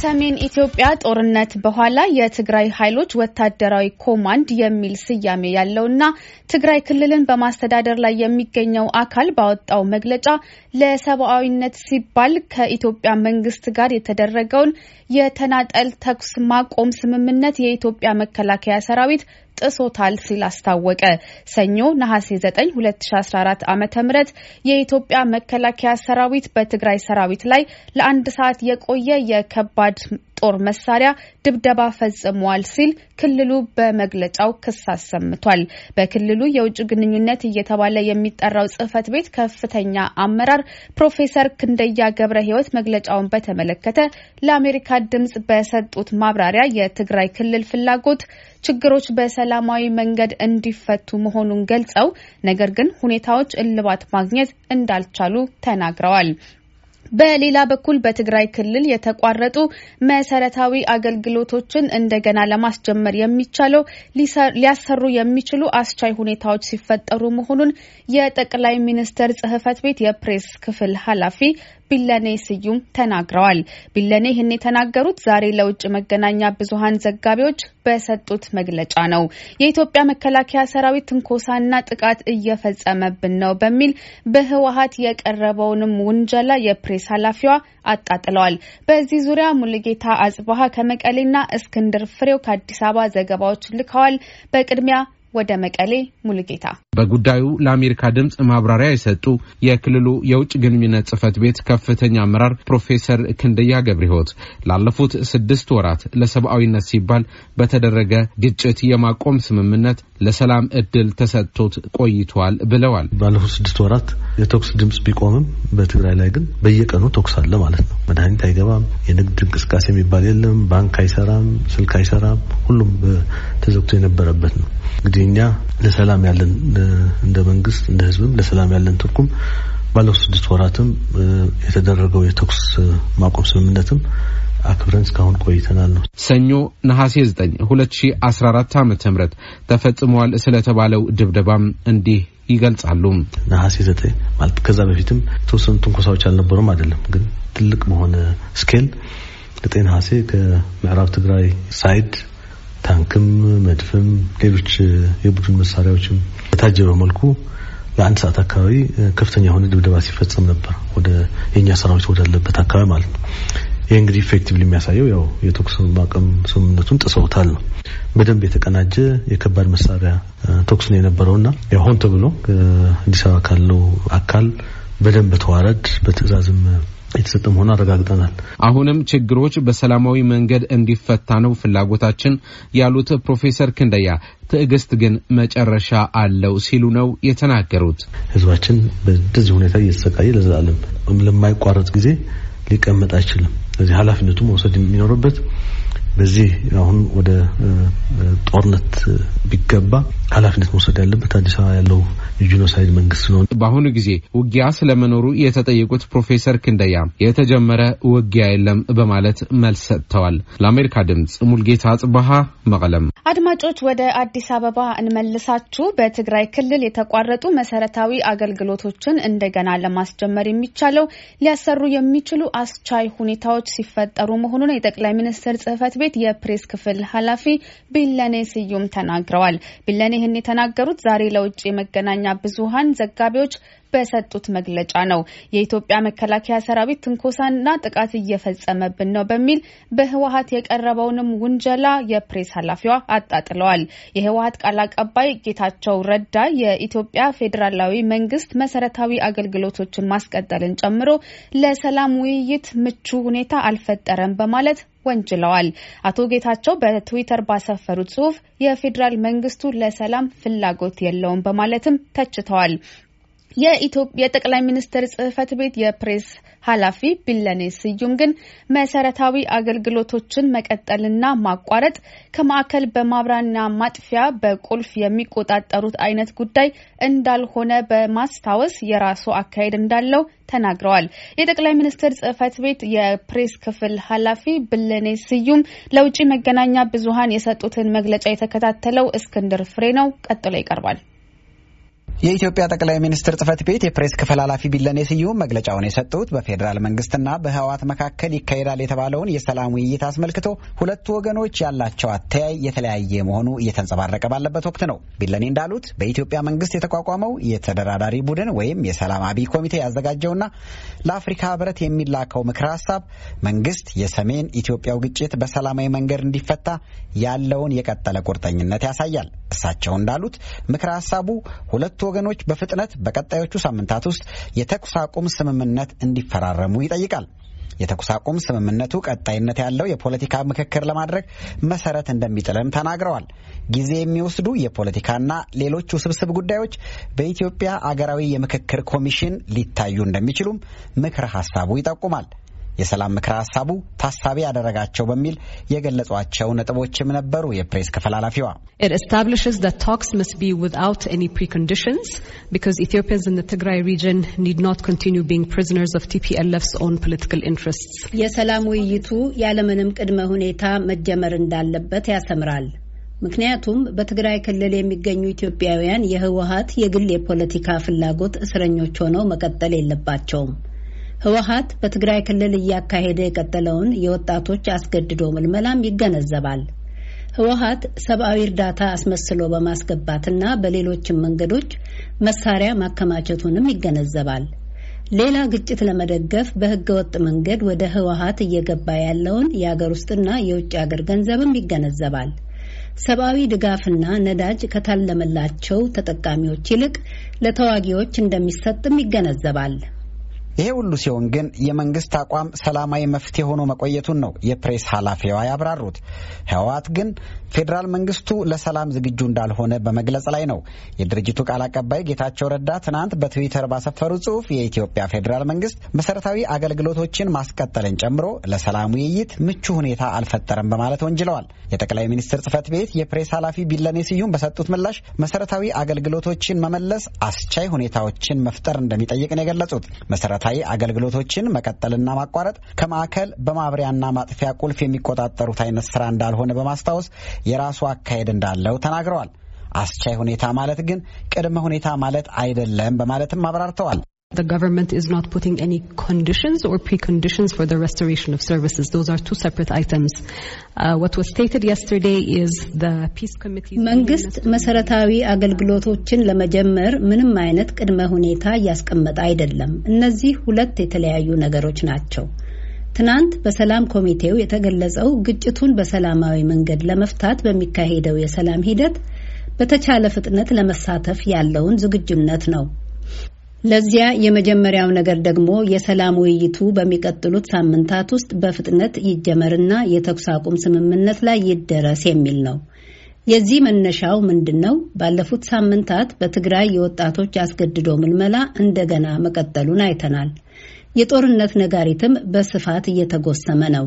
ከሰሜን ኢትዮጵያ ጦርነት በኋላ የትግራይ ኃይሎች ወታደራዊ ኮማንድ የሚል ስያሜ ያለውና ትግራይ ክልልን በማስተዳደር ላይ የሚገኘው አካል ባወጣው መግለጫ ለሰብአዊነት ሲባል ከኢትዮጵያ መንግስት ጋር የተደረገውን የተናጠል ተኩስ ማቆም ስምምነት የኢትዮጵያ መከላከያ ሰራዊት ጥሶታል ሲል አስታወቀ። ሰኞ ነሐሴ 9 2014 ዓ ም የኢትዮጵያ መከላከያ ሰራዊት በትግራይ ሰራዊት ላይ ለአንድ ሰዓት የቆየ የከባድ ከባድ ጦር መሳሪያ ድብደባ ፈጽሟል ሲል ክልሉ በመግለጫው ክስ አሰምቷል። በክልሉ የውጭ ግንኙነት እየተባለ የሚጠራው ጽህፈት ቤት ከፍተኛ አመራር ፕሮፌሰር ክንደያ ገብረ ሕይወት መግለጫውን በተመለከተ ለአሜሪካ ድምጽ በሰጡት ማብራሪያ የትግራይ ክልል ፍላጎት ችግሮች በሰላማዊ መንገድ እንዲፈቱ መሆኑን ገልጸው ነገር ግን ሁኔታዎች እልባት ማግኘት እንዳልቻሉ ተናግረዋል። በሌላ በኩል በትግራይ ክልል የተቋረጡ መሰረታዊ አገልግሎቶችን እንደገና ለማስጀመር የሚቻለው ሊያሰሩ የሚችሉ አስቻይ ሁኔታዎች ሲፈጠሩ መሆኑን የጠቅላይ ሚኒስትር ጽህፈት ቤት የፕሬስ ክፍል ኃላፊ ቢለኔ ስዩም ተናግረዋል። ቢለኔ ይህን የተናገሩት ዛሬ ለውጭ መገናኛ ብዙሃን ዘጋቢዎች በሰጡት መግለጫ ነው። የኢትዮጵያ መከላከያ ሰራዊት ትንኮሳና ጥቃት እየፈጸመብን ነው በሚል በህወሀት የቀረበውንም ውንጀላ የፕሬስ ኃላፊዋ አጣጥለዋል። በዚህ ዙሪያ ሙልጌታ አጽበሀ ከመቀሌና እስክንድር ፍሬው ከአዲስ አበባ ዘገባዎች ልከዋል። በቅድሚያ ወደ መቀሌ ሙልጌታ በጉዳዩ ለአሜሪካ ድምፅ ማብራሪያ የሰጡ የክልሉ የውጭ ግንኙነት ጽህፈት ቤት ከፍተኛ አመራር ፕሮፌሰር ክንደያ ገብረ ላለፉት ስድስት ወራት ለሰብአዊነት ሲባል በተደረገ ግጭት የማቆም ስምምነት ለሰላም እድል ተሰጥቶት ቆይቷል ብለዋል። ባለፉት ስድስት ወራት የተኩስ ድምፅ ቢቆምም በትግራይ ላይ ግን በየቀኑ ተኩስ አለ ማለት ነው። መድኃኒት አይገባም፣ የንግድ እንቅስቃሴ የሚባል የለም፣ ባንክ አይሰራም፣ ስልክ አይሰራም፣ ሁሉም ተዘግቶ የነበረበት ነው። እንግዲህ እኛ ለሰላም ያለን እንደ መንግስት እንደ ህዝብም ለሰላም ያለን ትርጉም ባለፉት ስድስት ወራትም የተደረገው የተኩስ ማቆም ስምምነትም አክብረን እስካሁን ቆይተናል ነው። ሰኞ ነሐሴ 9 2014 ዓ ም ተፈጽሟል ስለተባለው ድብደባም እንዲህ ይገልጻሉ። ነሐሴ 9 ማለት ከዛ በፊትም የተወሰኑ ትንኮሳዎች አልነበሩም አይደለም፣ ግን ትልቅ በሆነ ስኬል ዘጠኝ ነሐሴ ከምዕራብ ትግራይ ሳይድ ታንክም መድፍም ሌሎች የቡድን መሳሪያዎችም የታጀበ መልኩ ለአንድ ሰዓት አካባቢ ከፍተኛ የሆነ ድብደባ ሲፈጸም ነበር፣ ወደ የእኛ ሰራዊት ወዳለበት አካባቢ ማለት ነው። ይህ እንግዲህ ኢፌክቲቭ የሚያሳየው ያው የተኩስ ማቆም ስምምነቱን ጥሰውታል ነው። በደንብ የተቀናጀ የከባድ መሳሪያ ተኩስ ነው የነበረውና ሆን ተብሎ አዲስ አበባ ካለው አካል በደንብ በተዋረድ በትዕዛዝም የተሰጠ መሆኑ አረጋግጠናል። አሁንም ችግሮች በሰላማዊ መንገድ እንዲፈታ ነው ፍላጎታችን ያሉት ፕሮፌሰር ክንደያ ትዕግስት ግን መጨረሻ አለው ሲሉ ነው የተናገሩት። ህዝባችን በዚህ ሁኔታ እየተሰቃየ ለዘላለም ለማይቋረጥ ጊዜ ሊቀመጥ አይችልም። ስለዚህ ኃላፊነቱ መውሰድ የሚኖርበት በዚህ አሁን ወደ ጦርነት ቢገባ ኃላፊነት መውሰድ ያለበት አዲስ አበባ ያለው የጂኖሳይድ መንግስት ነው። በአሁኑ ጊዜ ውጊያ ስለመኖሩ የተጠየቁት ፕሮፌሰር ክንደያ የተጀመረ ውጊያ የለም በማለት መልስ ሰጥተዋል። ለአሜሪካ ድምጽ ሙልጌታ ጽብሃ መቀለም። አድማጮች ወደ አዲስ አበባ እንመልሳችሁ። በትግራይ ክልል የተቋረጡ መሰረታዊ አገልግሎቶችን እንደገና ለማስጀመር የሚቻለው ሊያሰሩ የሚችሉ አስቻይ ሁኔታዎች ሲፈጠሩ መሆኑን የጠቅላይ ሚኒስትር ጽህፈት ቤት ቤት የፕሬስ ክፍል ኃላፊ ቢለኔ ስዩም ተናግረዋል። ቢለኔ ይህን የተናገሩት ዛሬ ለውጭ የመገናኛ ብዙሃን ዘጋቢዎች በሰጡት መግለጫ ነው። የኢትዮጵያ መከላከያ ሰራዊት ትንኮሳና ጥቃት እየፈጸመብን ነው በሚል በህወሀት የቀረበውንም ውንጀላ የፕሬስ ኃላፊዋ አጣጥለዋል። የህወሀት ቃል አቀባይ ጌታቸው ረዳ የኢትዮጵያ ፌዴራላዊ መንግስት መሰረታዊ አገልግሎቶችን ማስቀጠልን ጨምሮ ለሰላም ውይይት ምቹ ሁኔታ አልፈጠረም በማለት ወንጅለዋል። አቶ ጌታቸው በትዊተር ባሰፈሩት ጽሁፍ የፌዴራል መንግስቱ ለሰላም ፍላጎት የለውም በማለትም ተችተዋል። ጠቅላይ ሚኒስትር ጽህፈት ቤት የፕሬስ ኃላፊ ቢለኔ ስዩም ግን መሰረታዊ አገልግሎቶችን መቀጠልና ማቋረጥ ከማዕከል በማብራና ማጥፊያ በቁልፍ የሚቆጣጠሩት አይነት ጉዳይ እንዳልሆነ በማስታወስ የራሱ አካሄድ እንዳለው ተናግረዋል። የጠቅላይ ሚኒስትር ጽህፈት ቤት የፕሬስ ክፍል ኃላፊ ብለኔ ስዩም ለውጭ መገናኛ ብዙሀን የሰጡትን መግለጫ የተከታተለው እስክንድር ፍሬ ነው። ቀጥሎ ይቀርባል። የኢትዮጵያ ጠቅላይ ሚኒስትር ጽህፈት ቤት የፕሬስ ክፍል ኃላፊ ቢለኔ ስዩም መግለጫውን የሰጡት በፌዴራል መንግስትና በህወሓት መካከል ይካሄዳል የተባለውን የሰላም ውይይት አስመልክቶ ሁለቱ ወገኖች ያላቸው አተያይ የተለያየ መሆኑ እየተንጸባረቀ ባለበት ወቅት ነው። ቢለኔ እንዳሉት በኢትዮጵያ መንግስት የተቋቋመው የተደራዳሪ ቡድን ወይም የሰላም አብይ ኮሚቴ ያዘጋጀውና ለአፍሪካ ህብረት የሚላከው ምክረ ሀሳብ መንግስት የሰሜን ኢትዮጵያው ግጭት በሰላማዊ መንገድ እንዲፈታ ያለውን የቀጠለ ቁርጠኝነት ያሳያል። እሳቸው እንዳሉት ምክረ ሀሳቡ ሁለቱ ወገኖች በፍጥነት በቀጣዮቹ ሳምንታት ውስጥ የተኩስ አቁም ስምምነት እንዲፈራረሙ ይጠይቃል። የተኩስ አቁም ስምምነቱ ቀጣይነት ያለው የፖለቲካ ምክክር ለማድረግ መሰረት እንደሚጥልም ተናግረዋል። ጊዜ የሚወስዱ የፖለቲካና ሌሎች ውስብስብ ጉዳዮች በኢትዮጵያ አገራዊ የምክክር ኮሚሽን ሊታዩ እንደሚችሉም ምክረ ሀሳቡ ይጠቁማል። የሰላም ምክረ ሀሳቡ ታሳቢ ያደረጋቸው በሚል የገለጿቸው ነጥቦችም ነበሩ። የፕሬስ ክፍል ኃላፊዋ የሰላም ውይይቱ ያለምንም ቅድመ ሁኔታ መጀመር እንዳለበት ያሰምራል። ምክንያቱም በትግራይ ክልል የሚገኙ ኢትዮጵያውያን የህወሀት የግል የፖለቲካ ፍላጎት እስረኞች ሆነው መቀጠል የለባቸውም። ህወሀት በትግራይ ክልል እያካሄደ የቀጠለውን የወጣቶች አስገድዶ ምልመላም ይገነዘባል። ህወሀት ሰብአዊ እርዳታ አስመስሎ በማስገባትና በሌሎችም መንገዶች መሳሪያ ማከማቸቱንም ይገነዘባል። ሌላ ግጭት ለመደገፍ በህገወጥ መንገድ ወደ ህወሀት እየገባ ያለውን የአገር ውስጥና የውጭ አገር ገንዘብም ይገነዘባል። ሰብአዊ ድጋፍና ነዳጅ ከታለመላቸው ተጠቃሚዎች ይልቅ ለተዋጊዎች እንደሚሰጥም ይገነዘባል። ይሄ ሁሉ ሲሆን ግን የመንግስት አቋም ሰላማዊ መፍትሄ ሆኖ መቆየቱን ነው የፕሬስ ኃላፊዋ ያብራሩት። ህወሓት ግን ፌዴራል መንግስቱ ለሰላም ዝግጁ እንዳልሆነ በመግለጽ ላይ ነው። የድርጅቱ ቃል አቀባይ ጌታቸው ረዳ ትናንት በትዊተር ባሰፈሩ ጽሁፍ የኢትዮጵያ ፌዴራል መንግስት መሰረታዊ አገልግሎቶችን ማስቀጠልን ጨምሮ ለሰላም ውይይት ምቹ ሁኔታ አልፈጠረም በማለት ወንጅለዋል። የጠቅላይ ሚኒስትር ጽህፈት ቤት የፕሬስ ኃላፊ ቢለኔ ስዩም በሰጡት ምላሽ መሰረታዊ አገልግሎቶችን መመለስ አስቻይ ሁኔታዎችን መፍጠር እንደሚጠይቅ ነው የገለጹት። ተመሳሳይ አገልግሎቶችን መቀጠልና ማቋረጥ ከማዕከል በማብሪያና ማጥፊያ ቁልፍ የሚቆጣጠሩት አይነት ስራ እንዳልሆነ በማስታወስ የራሱ አካሄድ እንዳለው ተናግረዋል። አስቻይ ሁኔታ ማለት ግን ቅድመ ሁኔታ ማለት አይደለም በማለትም አብራርተዋል። The government is not putting any conditions or preconditions for the restoration of services. Those are two separate items. Uh, what was stated yesterday is the peace committee... መንግስት መሰረታዊ አገልግሎቶችን ለመጀመር ምንም አይነት ቅድመ ሁኔታ እያስቀመጠ አይደለም። እነዚህ ሁለት የተለያዩ ነገሮች ናቸው። ትናንት በሰላም ኮሚቴው የተገለጸው ግጭቱን በሰላማዊ መንገድ ለመፍታት በሚካሄደው የሰላም ሂደት በተቻለ ፍጥነት ለመሳተፍ ያለውን ዝግጁነት ነው። ለዚያ የመጀመሪያው ነገር ደግሞ የሰላም ውይይቱ በሚቀጥሉት ሳምንታት ውስጥ በፍጥነት ይጀመርና የተኩስ አቁም ስምምነት ላይ ይደረስ የሚል ነው። የዚህ መነሻው ምንድን ነው? ባለፉት ሳምንታት በትግራይ የወጣቶች አስገድዶ ምልመላ እንደገና መቀጠሉን አይተናል። የጦርነት ነጋሪትም በስፋት እየተጎሰመ ነው።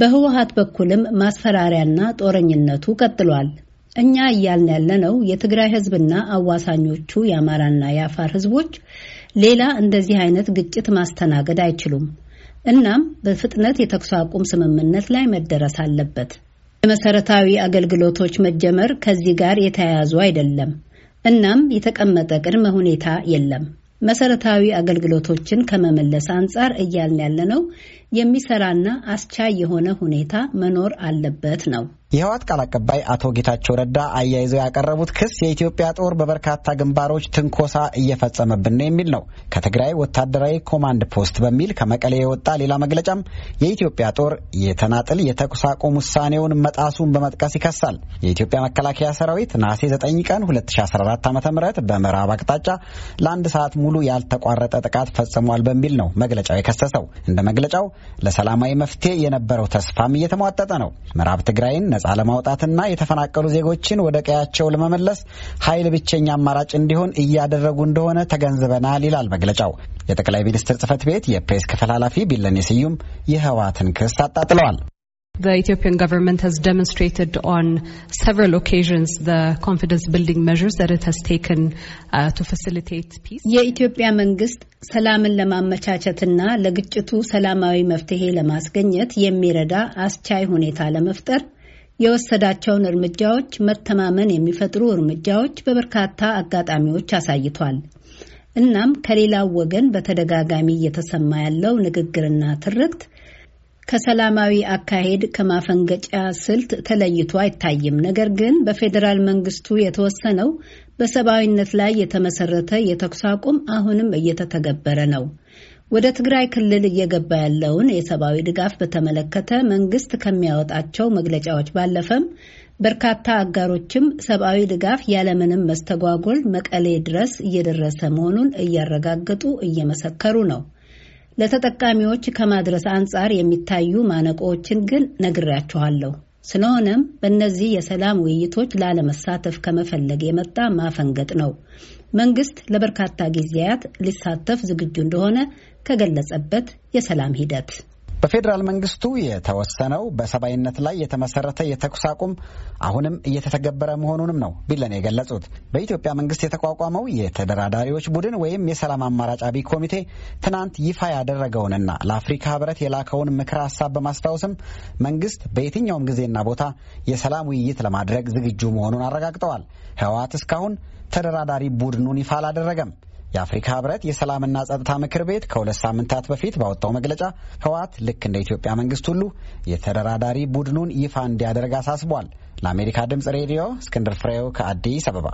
በህወሀት በኩልም ማስፈራሪያና ጦረኝነቱ ቀጥሏል። እኛ እያልን ያለነው የትግራይ ህዝብና አዋሳኞቹ የአማራና የአፋር ህዝቦች ሌላ እንደዚህ አይነት ግጭት ማስተናገድ አይችሉም። እናም በፍጥነት የተኩስ አቁም ስምምነት ላይ መደረስ አለበት። የመሰረታዊ አገልግሎቶች መጀመር ከዚህ ጋር የተያያዙ አይደለም። እናም የተቀመጠ ቅድመ ሁኔታ የለም። መሰረታዊ አገልግሎቶችን ከመመለስ አንጻር እያልን ያለነው የሚሰራና አስቻይ የሆነ ሁኔታ መኖር አለበት ነው። የህወሓት ቃል አቀባይ አቶ ጌታቸው ረዳ አያይዘው ያቀረቡት ክስ የኢትዮጵያ ጦር በበርካታ ግንባሮች ትንኮሳ እየፈጸመብን ነው የሚል ነው። ከትግራይ ወታደራዊ ኮማንድ ፖስት በሚል ከመቀሌ የወጣ ሌላ መግለጫም የኢትዮጵያ ጦር የተናጥል የተኩስ አቁም ውሳኔውን መጣሱን በመጥቀስ ይከሳል። የኢትዮጵያ መከላከያ ሰራዊት ነሐሴ 9 ቀን 2014 ዓ ም በምዕራብ አቅጣጫ ለአንድ ሰዓት ሙሉ ያልተቋረጠ ጥቃት ፈጽሟል በሚል ነው መግለጫው የከሰሰው። እንደ መግለጫው ለሰላማዊ መፍትሄ የነበረው ተስፋም እየተሟጠጠ ነው። ምዕራብ ትግራይን ነፃ ለማውጣትና የተፈናቀሉ ዜጎችን ወደ ቀያቸው ለመመለስ ኃይል ብቸኛ አማራጭ እንዲሆን እያደረጉ እንደሆነ ተገንዝበናል ይላል መግለጫው። የጠቅላይ ሚኒስትር ጽህፈት ቤት የፕሬስ ክፍል ኃላፊ ቢለኔ ስዩም የህወሓትን ክስ አጣጥለዋል። The Ethiopian government has demonstrated on several occasions the confidence building measures that it has taken uh, to facilitate peace. የኢትዮጵያ መንግስት ሰላምን ለማመቻቸትና ለግጭቱ ሰላማዊ መፍትሄ ለማስገኘት የሚረዳ አስቻይ ሁኔታ ለመፍጠር የወሰዳቸውን እርምጃዎች መተማመን የሚፈጥሩ እርምጃዎች በበርካታ አጋጣሚዎች አሳይቷል። እናም ከሌላው ወገን በተደጋጋሚ እየተሰማ ያለው ንግግርና ትርክት ከሰላማዊ አካሄድ ከማፈንገጫ ስልት ተለይቶ አይታይም። ነገር ግን በፌዴራል መንግስቱ የተወሰነው በሰብአዊነት ላይ የተመሰረተ የተኩስ አቁም አሁንም እየተተገበረ ነው። ወደ ትግራይ ክልል እየገባ ያለውን የሰብአዊ ድጋፍ በተመለከተ መንግስት ከሚያወጣቸው መግለጫዎች ባለፈም በርካታ አጋሮችም ሰብአዊ ድጋፍ ያለምንም መስተጓጎል መቀሌ ድረስ እየደረሰ መሆኑን እያረጋገጡ እየመሰከሩ ነው። ለተጠቃሚዎች ከማድረስ አንጻር የሚታዩ ማነቆዎችን ግን ነግሬያችኋለሁ። ስለሆነም በእነዚህ የሰላም ውይይቶች ላለመሳተፍ ከመፈለግ የመጣ ማፈንገጥ ነው። መንግስት ለበርካታ ጊዜያት ሊሳተፍ ዝግጁ እንደሆነ ከገለጸበት የሰላም ሂደት በፌዴራል መንግስቱ የተወሰነው በሰብአዊነት ላይ የተመሰረተ የተኩስ አቁም አሁንም እየተተገበረ መሆኑንም ነው ቢለን የገለጹት። በኢትዮጵያ መንግስት የተቋቋመው የተደራዳሪዎች ቡድን ወይም የሰላም አማራጭ አብይ ኮሚቴ ትናንት ይፋ ያደረገውንና ለአፍሪካ ህብረት የላከውን ምክረ ሀሳብ በማስታወስም መንግስት በየትኛውም ጊዜና ቦታ የሰላም ውይይት ለማድረግ ዝግጁ መሆኑን አረጋግጠዋል። ህወሓት እስካሁን ተደራዳሪ ቡድኑን ይፋ አላደረገም። የአፍሪካ ህብረት የሰላምና ጸጥታ ምክር ቤት ከሁለት ሳምንታት በፊት ባወጣው መግለጫ ህወሓት ልክ እንደ ኢትዮጵያ መንግስት ሁሉ የተደራዳሪ ቡድኑን ይፋ እንዲያደርግ አሳስቧል። ለአሜሪካ ድምፅ ሬዲዮ እስክንድር ፍሬው ከአዲስ አበባ